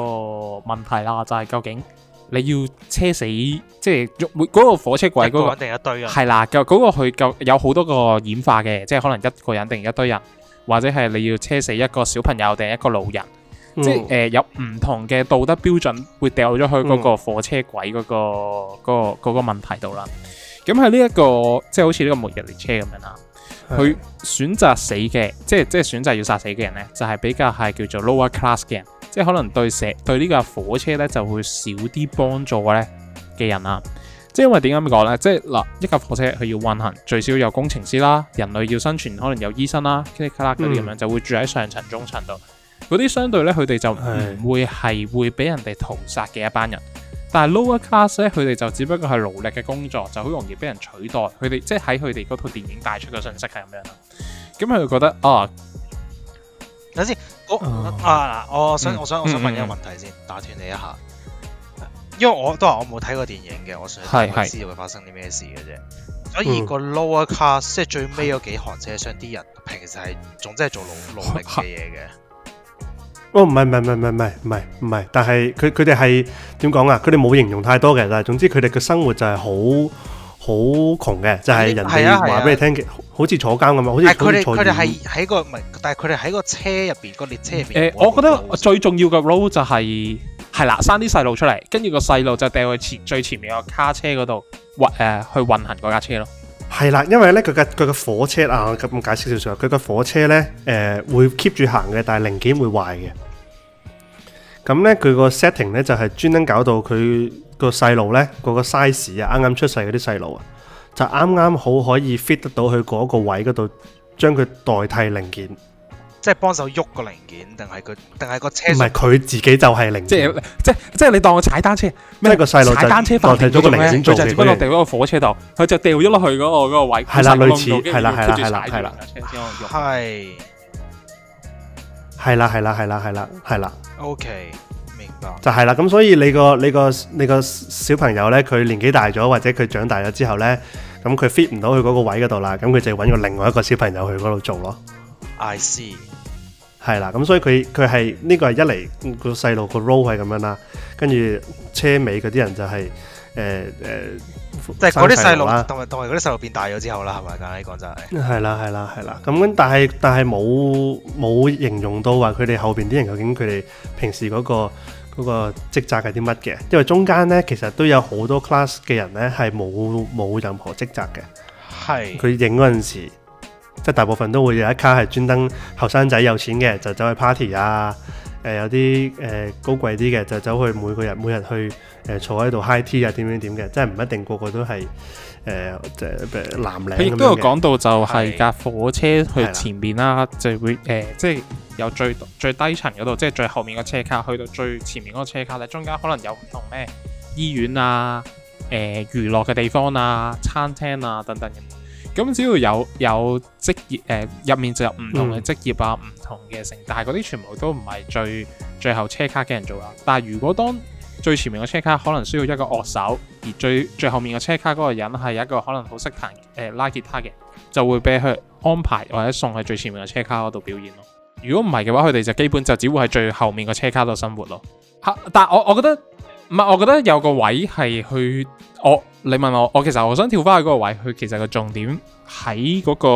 問題啦？就係究竟你要車死即係嗰個火車軌嗰個定一堆人？係啦，嗰個佢有好多個演化嘅，即係可能一個人定一堆人，或者係你要車死一個小朋友定一個老人，即係誒有唔同嘅道德標準，會掉咗去嗰個火車軌嗰個嗰個嗯嗰個問題度啦。咁喺呢一個即係、就是、好似呢個末日列車咁樣啦，佢的選擇死嘅，即係即係選擇要殺死嘅人呢，就係、是、比較係叫做 lower class 嘅，人，即、就、係、是、可能對社、嗯、對呢架火車呢就會少啲幫助呢嘅人啦、啊。即係因為點解咁講呢？即係嗱，一架火車佢要運行，最少有工程師啦，人類要生存，可能有醫生啦啲咁樣、嗯、就會住喺上層中層度。嗰啲相對呢，佢哋就唔會係會俾人哋屠殺嘅一班人。但係 lower class 咧，佢哋就只不過係勞力嘅工作，就好容易俾人取代。佢哋即係喺佢哋嗰套電影帶出嘅信息係咁樣。咁佢就覺得啊，等先，我啊、嗯、啊，我想我想我想問一個問題先，嗯嗯、打斷你一下。因為我都話我冇睇過電影嘅，我純粹係知道會發生啲咩事嘅啫。所以個 lower class、嗯、即係最尾嗰幾行，車廂啲人平時係總之係做勞勞力嘅嘢嘅。 哦，唔係唔係唔係唔係唔係唔係，但係佢佢哋係點講啊？佢哋冇形容太多嘅，但係總之佢哋嘅生活就係好好窮嘅，就係、是、人哋話俾你聽好似坐監咁樣！啊好似佢哋佢哋係喺個唔係，但係佢哋喺個車入邊、那個列車入邊。誒、欸，我覺得最重要嘅 role 就係、是、係啦，生啲細路出嚟，跟住個細路就掟去前最前面個卡車嗰度運誒去運行嗰架車咯。係啦，因為咧佢嘅佢嘅火車啊，咁解釋少少，佢個火車咧誒、呃、會 keep 住行嘅，但係零件會壞嘅。咁咧佢個 setting 咧就係專登搞到佢個細路咧，嗰個 size 啊，啱啱出世嗰啲細路啊，就啱啱好可以 fit 得到佢嗰個位嗰度，將佢代替零件。即係幫手喐個零件，定係佢？定係個車？唔係佢自己就係零件。即係即係即係你當我踩單車咩？個細路仔踩單車，放跌咗個零件，佢就掉咗落掉咗個火車度，佢就掉咗落去嗰個嗰個位。係啦，類似係啦，係啦，係啦，係啦，係啦。OK，明白。就係啦，咁所以你個你個你個小朋友咧，佢年紀大咗，或者佢長大咗之後咧，咁佢 fit 唔到佢嗰個位嗰度啦，咁佢就要揾個另外一個小朋友去嗰度做咯。I see。係啦，咁、嗯、所以佢佢係呢個係一嚟個細路個 role 係咁樣啦，跟住車尾嗰啲人就係誒誒，呃呃、就係嗰啲細路啦，同埋同埋啲細路變大咗之後啦，係咪咁講就係？係啦係啦係啦，咁但係但係冇冇形容到話佢哋後邊啲人究竟佢哋平時嗰、嗰個嗰、嗰個職責係啲乜嘅？因為中間呢其實都有好多 class 嘅人呢係冇冇任何職責嘅，係佢影嗰陣時。即係大部分都會有一卡係專登後生仔有錢嘅，就走去 party 啊！誒有啲誒、呃、高貴啲嘅，就走去每個人每日去誒、呃、坐喺度 high tea 啊點點點嘅，即係唔一定個個都係誒即係藍領。你都有講到就係架火車去前面啦、啊呃，就會誒即係由最最低層嗰度，即、就、係、是、最後面個車卡去到最前面嗰個車卡咧，中間可能有唔同咩醫院啊、誒、呃、娛樂嘅地方啊、餐廳啊等等。咁只要有有職業誒入、呃、面就有唔同嘅職業啊，唔、嗯、同嘅城，但係嗰啲全部都唔係最最後車卡嘅人做啦。但係如果當最前面嘅車卡可能需要一個樂手，而最最後面嘅車卡嗰個人係一個可能好識彈誒、呃、拉吉他嘅，就會俾佢安排或者送去最前面嘅車卡嗰度表演咯。如果唔係嘅話，佢哋就基本就只會喺最後面嘅車卡度生活咯。嚇！但係我我覺得唔係，我覺得有個位係去。我你問我，我其實我想跳翻去嗰個位，佢其實個重點喺嗰個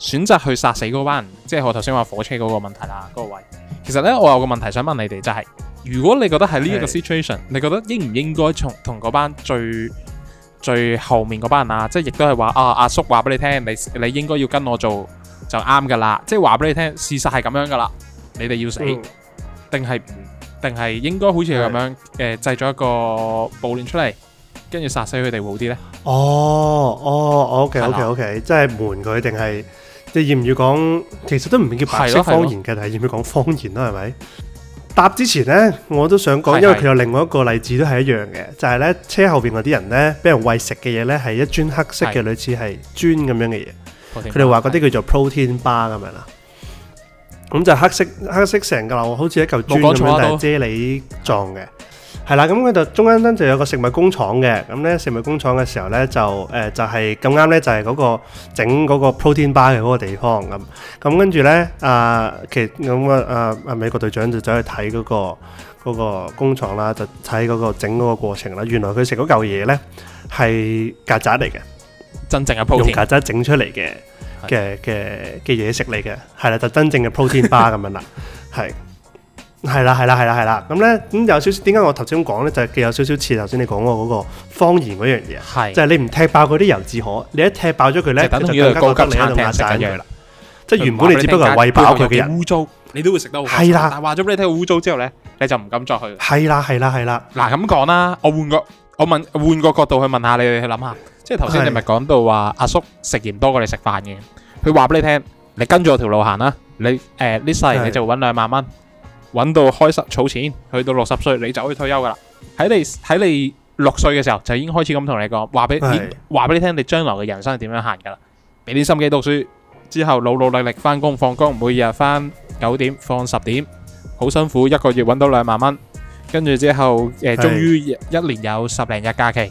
選擇去殺死嗰班人，即係我頭先話火車嗰個問題啦，嗰、那個位。其實呢，我有個問題想問你哋，就係、是、如果你覺得喺呢一個 situation，是你覺得應唔應該從同嗰班最最後面嗰班人啊，即係亦都係話啊阿叔話俾你聽，你你應該要跟我做就啱噶啦，即係話俾你聽，事實係咁樣噶啦，你哋要死，定係定係應該好似佢咁樣誒是、呃、製造一個暴亂出嚟？跟住殺死佢哋好啲呢？哦、oh, oh, okay, okay, okay,，哦，OK，OK，OK，即係瞞佢定係？即係要唔要講？其實都唔叫白色謊的言嘅，的但係要唔要講謊言啦？係咪？答之前呢，我都想講，因為佢有另外一個例子都係一樣嘅，就係、是、呢車後邊嗰啲人呢，俾人喂食嘅嘢呢，係一磚黑色嘅，類似係磚咁樣嘅嘢。佢哋話嗰啲叫做 protein bar 咁樣啦。咁的的就黑色黑色成個樓好似一嚿磚咁，但係啫喱狀嘅。的係啦，咁佢就中間咧就有個食物工廠嘅，咁咧食物工廠嘅時候咧就誒、呃、就係咁啱咧就係、係、嗰、嗰個整嗰個 protein bar 嘅嗰個地方咁，咁跟住咧啊，其實咁嘅啊啊美國隊長就走去睇嗰、嗰個、嗰個工廠啦，就睇嗰、嗰個整嗰個過程啦。原來佢食嗰嚿嘢咧係曱甴嚟嘅，真正嘅 protein 用曱甴整出嚟嘅嘅嘅嘅嘢食嚟嘅，係啦就真正嘅 protein bar 咁 樣啦，係。係啦，係啦，係啦，係啦。咁咧，咁有少少點解？我頭先咁講咧，就係佢有少少似頭先你講過嗰個方言嗰樣嘢，係就係你唔踢爆嗰啲油脂可，你一踢爆咗佢咧，等於就高級餐就抹散嘅啦。即係原本你只不過係餵飽佢嘅污糟，你都會食得好快係啦。但係話咗俾你聽污糟之後咧，你就唔敢再去。係啦，係啦，係啦。嗱咁講啦，我換個我問換個角度去問下你，去諗下，即係頭先你咪講到話阿叔食鹽多過你食飯嘅。佢話俾你聽，你跟住我條路行啦。你誒呢世你就搵兩萬蚊。揾到開十儲錢，去到六十歲你就可以退休噶啦。喺你喺你六歲嘅時候就已經開始咁同你講話，俾話俾你聽，你將來嘅人生係點樣行噶啦。俾啲心機讀書之後，努努力力翻工放工，每日翻九點放十點，好辛苦，一個月揾到兩萬蚊。跟住之後，誒，終於一年有十零日假期，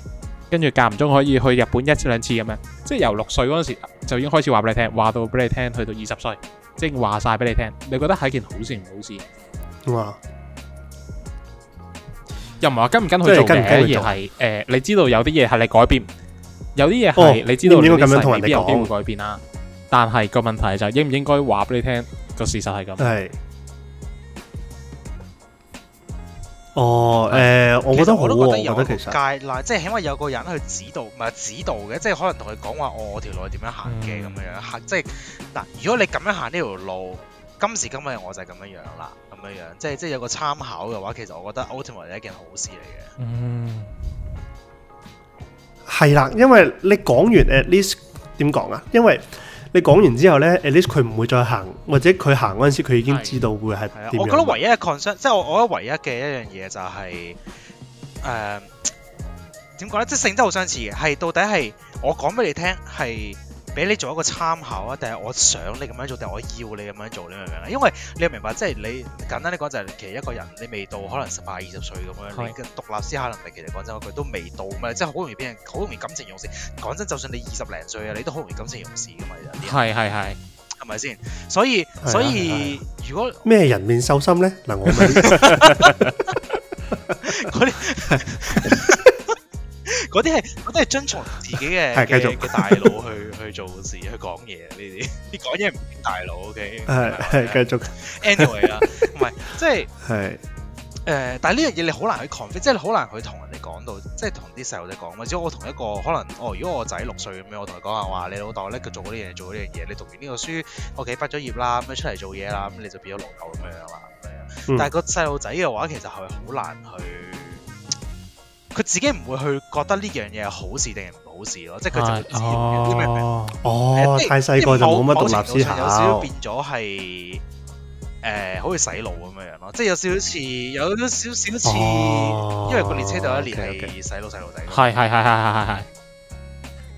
跟住間唔中可以去日本一次兩次咁樣。即係由六歲嗰陣時就已經開始話俾你聽，話到俾你聽，去到二十歲，即係話曬俾你聽。你覺得係一件好事唔好事？哇，又唔係話跟唔跟去做嘅嘢係，誒、呃，你知道有啲嘢係你改變，哦、有啲嘢係你知道應該咁樣同你講，有機會改變啦、啊。嗯、但係個問題就應唔應該話俾你聽？個事實係咁。哦，誒、呃，我覺得我都覺得有啲界啦，即係起碼有個人去指導，唔係指導嘅，即係可能同佢講話：，我條路點樣行嘅咁樣樣，即係嗱。如果你咁樣行呢條路，今時，今時今日我就係咁樣樣啦。咁樣即係即係有個參考嘅話，其實我覺得 ultimate 係一件好事嚟嘅。嗯，係啦， 因為你講完 at least 點講啊？因為你講完之後咧，at least 佢唔會再行，或者佢行嗰陣時佢已經知道會係點樣。我覺得唯一嘅 concern，即係我我覺得唯一嘅一樣嘢就係、是、誒，點講咧？即係、就是、性質好相似嘅，係到底係我講俾你聽係俾你做一個參考啊！定係我想你咁樣做，定係我要你咁樣做？你明唔明啊？因為你又明白，即係你簡單啲講就係，其實一個人你未到可能十八二十歲咁樣，Okay. 你嘅獨立思考能力其實講真嗰句都未到嘛，即係好容易俾人，好容易感情用事。講真，就算你二十零歲啊，你都好容易感情用事噶嘛，係係係，係咪先？所以所以、啊啊啊、如果咩人面獸心咧嗱，我我啲。嗰啲係我都係遵從自己嘅嘅嘅大腦去去做事去講嘢，呢啲你講嘢唔經大腦，OK？係係 吧繼續。Anyway 啦， 唔係即係誒，但係呢樣嘢你好難去 confirm，即係好難去同人哋講到，即係同啲細路仔講。唔係，我同一個可能哦，如果我仔六歲咁樣，我同佢講話話，你老豆叻，佢做嗰啲嘢，做嗰啲嘢。你讀完呢個書，OK 畢咗業啦，咁出嚟做嘢啦，咁你就變咗老豆咁樣啦。但係個細路仔嘅話，其實係好難去。 佢自己唔會去覺得呢樣嘢係好事定係唔好事咯，即係佢就自然嘅，你明唔明？哦，太細個就冇乜獨立思考，有少少變咗係誒，好似洗腦咁樣樣咯，即係有少少似，有少少似，因為個列車就一年係洗腦細路仔，係係係係係係係，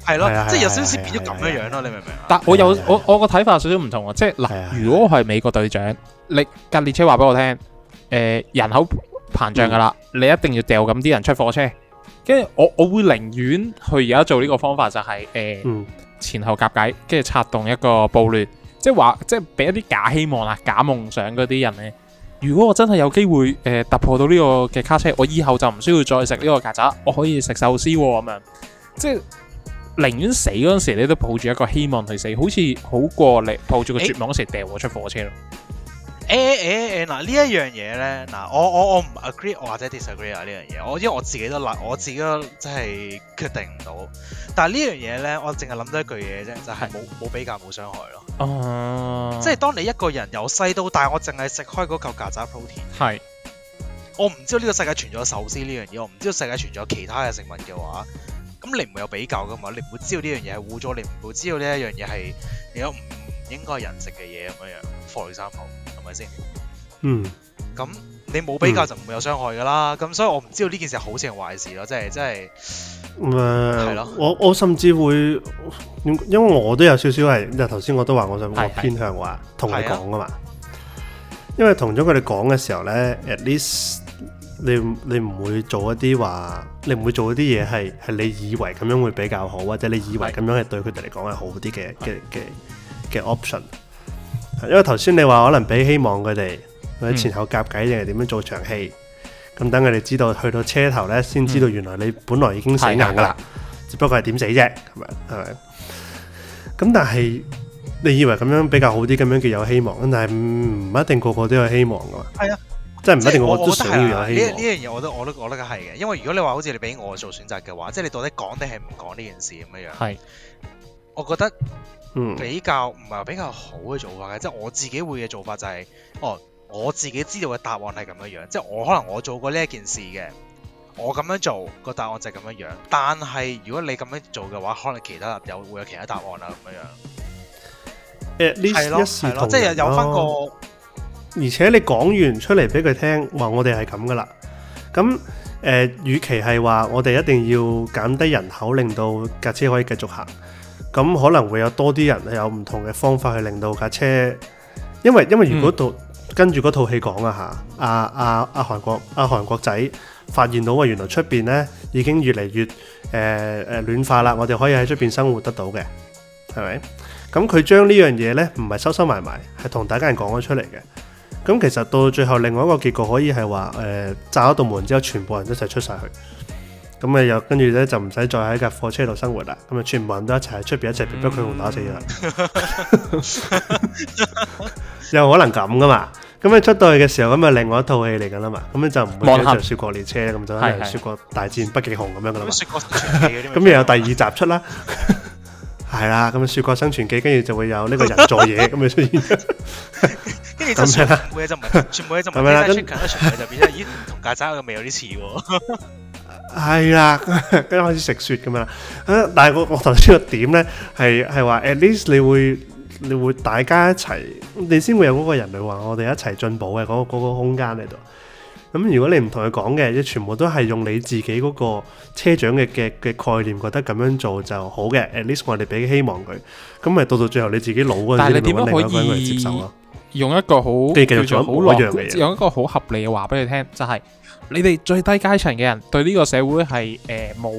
係咯，即係有少少變咗咁樣樣咯，你明唔明？但我有我我個睇法有少少唔同喎，即係嗱，如果係美國隊長，你架列車話俾我聽，誒人口。膨脹噶啦，嗯、你一定要掉咁啲人出火車，跟住我我會寧願去而家做呢個方法，就係、是、誒、呃嗯、前後夾解，跟住策動一個暴亂，即係話即係俾一啲假希望啦，假夢想嗰啲人呢。如果我真係有機會誒、呃、突破到呢個嘅卡車，我以後就唔需要再食呢個曱甴。我可以食壽司咁、啊、樣，即係寧願死嗰陣時，你都抱住一個希望去死，好似好過你抱住個絕望嗰時掉我出火車咯。欸誒誒誒，嗱、欸欸欸欸、呢一樣嘢咧，嗱我我我唔 agree，或者 disagree 啊呢樣嘢，我，我，我 disagree，因為我自己都嗱，我自己都真係決定唔到。但係呢樣嘢咧，我淨係諗多一句嘢啫，就係冇冇比較冇傷害咯。Uh、即係當你一個人由細到大，我淨係食開嗰嚿曱甴 protein，係是，我唔知道呢個世界存在壽司呢樣嘢，我唔知道世界存在其他嘅食物嘅話，咁你唔會有比較噶嘛，你唔會知道呢樣嘢係污糟，你唔會知道呢一樣嘢係有唔應該人食嘅嘢咁樣樣，for example。嗯，咁你冇比較就唔會有傷害噶啦，咁、嗯、所以我唔知道呢件事係好事定壞事咯，即係即係，係咯，嗯、啦我我甚至會，因為我都有少少係，即係頭先我都話我想我偏向話同你講噶嘛，啊、因為同咗佢哋講嘅時候咧，at least 你你唔會做一啲話，你唔會做一啲嘢，係係你以為咁樣會比較好，或者你以為咁樣係對佢哋嚟講係好啲嘅嘅嘅嘅 option。因為頭先你話可能俾希望佢哋、嗯、或者前後夾計定係點樣做場戲，咁等佢哋知道去到車頭咧，先知道原來你本來已經死硬噶啦，嗯、只不過係點死啫，係咪？係咪？咁但係你以為咁樣比較好啲，咁樣叫有希望，但係唔一定個個都有希望噶嘛。係啊，即係唔一定個個都想要有希望。呢樣嘢我都我都我都覺得係嘅，因為如果你話好似你俾我做選擇嘅話，即係你到底講定係唔講呢件事咁樣樣。係嘅，係我覺得。嗯、比較唔係比較好嘅做法嘅，即、就、係、係、我自己會嘅做法就係、係，哦，我自己知道嘅答案係咁樣樣，即係我可能我做過呢一件事嘅，我咁樣做個答案就係咁樣樣。但係如果你咁樣做嘅話，可能其他有會有其他答案啦咁樣樣。誒呢 At least 咯一咯咯即係有分過、哦。而且你講完出嚟俾佢聽，話我哋係咁㗎啦。咁誒、呃，與其係話我哋一定要減低人口，令到架車可以繼續行。咁可能會有多啲人有唔同嘅方法去令到架車，因為因為如果到、嗯、跟住嗰套戲講下啊嚇，阿阿阿韓國阿、啊、韓國仔發現到啊原來出邊呢已經越嚟越誒誒、呃、暖化啦，我哋可以喺出邊生活得到嘅，係咪？咁佢將呢樣嘢呢唔係收收埋埋，係同大家人講咗出嚟嘅。咁其實到最後另外一個結局可以係話誒炸咗道門之後，全部人一齊出晒去。咁啊，又跟住咧就唔使再喺架貨車度生活啦。咁啊，全部人都一齊喺出邊一齊俾北極熊打死啦。 又可能咁噶嘛？咁你出到去嘅時候，咁啊，另外一套戲嚟噶啦嘛。咁啊，就唔會喺《雪國列車》咁就喺《雪國大戰北極熊》咁樣噶啦嘛。咁又有第二集出啦。係 啦，咁《雪國生存記》跟住就會有呢個人做嘢咁啊出現。跟住 就咩？全部就唔，全部 全就唔。咁啊，同曱甴嘅味有啲似。係啦，跟住對 開始食雪咁樣啦。但係我我頭先個點呢，係係話 at least 你會你會大家一齊，你先會有嗰個人類話我哋一齊進步嘅嗰個空間嚟度。咁如果你唔同佢講嘅，全部都係用你自己嗰個車長嘅嘅嘅概念，覺得咁樣做就好嘅。at least 我哋俾希望佢。咁咪到到最後你自己老嗰陣，你揾另外一個人去接受咯、啊。用一個好，即係繼續做，好一樣嘅。用一個好合理嘅話俾你聽，就係、是。你哋最低階層嘅人對呢個社會係誒冇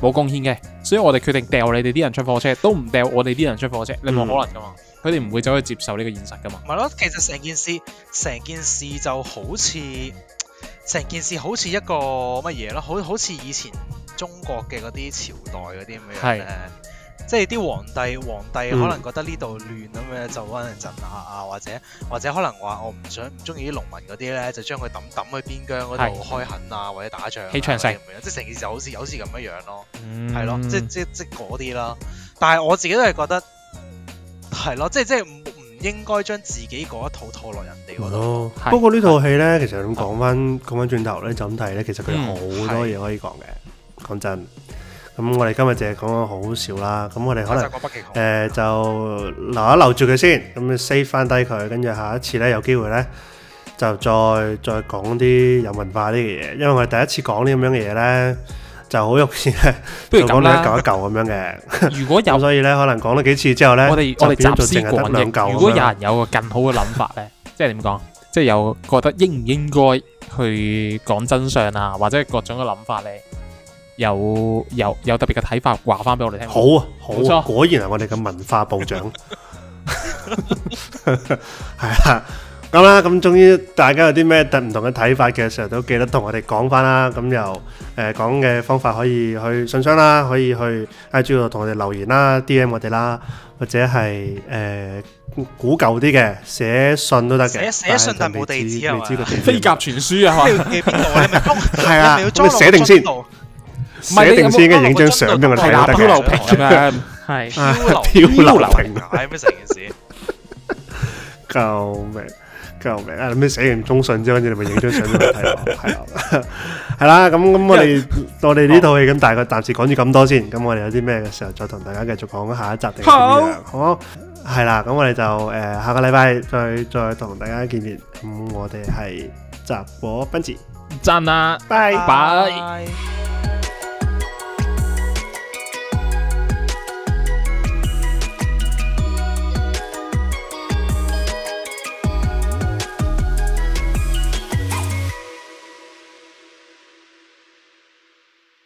冇貢獻嘅，所以我哋決定掉你哋啲人出貨車，都唔掉我哋啲人出貨車。你冇、嗯、可能噶嘛，佢哋唔會走去接受呢個現實噶嘛。咪咯，其實成件事成件事就好似成件事好似一個乜嘢咯，好好似以前中國嘅嗰啲朝代嗰啲咁樣咧。即係啲皇帝，皇帝可能覺得呢度亂咁、啊、樣，嗯、就可能震下啊，或者或者可能話我唔想唔中意啲農民嗰啲咧，就將佢抌抌去邊疆嗰度開墾啊，或者打仗、啊，起場勢咁樣，即係成件事好似有似咁樣樣咯，係咯，即即即嗰啲啦。但係我自己都係覺得係咯，即即唔唔應該將自己嗰一套套落人哋嗰度。不過呢套戲咧，其實咁講翻講翻轉頭咧，就咁睇咧，其實佢有好多嘢可以講嘅，講、嗯、真。咁我哋今日淨係講講好少啦，咁我哋可能誒就留一留住佢先，咁你 save 翻低佢，跟住下一次咧有機會咧就再再講啲有文化啲嘅嘢，因為我哋第一次講啲咁樣嘅嘢咧就好肉酸，不如講一舊一舊咁樣嘅。如果有，咁所以咧可能講咗幾次之後咧，我哋我哋集思廣益。如果有人有個更好嘅諗法咧，即係點講？即係有覺得應唔應該去講真相啊，或者各種嘅諗法咧？有有有特別嘅睇法，話翻俾我哋聽。好啊，好啊，果然係我哋嘅文化部長。係啊，咁啦，咁終於大家有啲咩特唔同嘅睇法嘅時候，都記得同我哋講翻啦。咁又誒講嘅方法可以去信箱啦，可以去 I G 度同我哋留言啦，D M 我哋啦，或者係誒古舊啲嘅寫信都得嘅，寫信但冇地址係嘛？飛鴿傳書啊，係咪係啊？係咪，咁你寫定先？寫定先，應該影張相俾我睇得。漂流瓶係漂流漂流瓶，係咩成件事？救命救命！啊，你咩寫完忠信之後，你咪影張相俾我睇咯，係啦。咁咁，我哋我哋呢套戲咁，大概暫時講住咁多先。咁我哋有啲咩嘅時候，再同大家繼續講下一集定係點樣，好唔好？係啦，咁我哋就誒下個禮拜再再同大家見面。咁我哋係雜果 Punchy，讚呀，拜拜。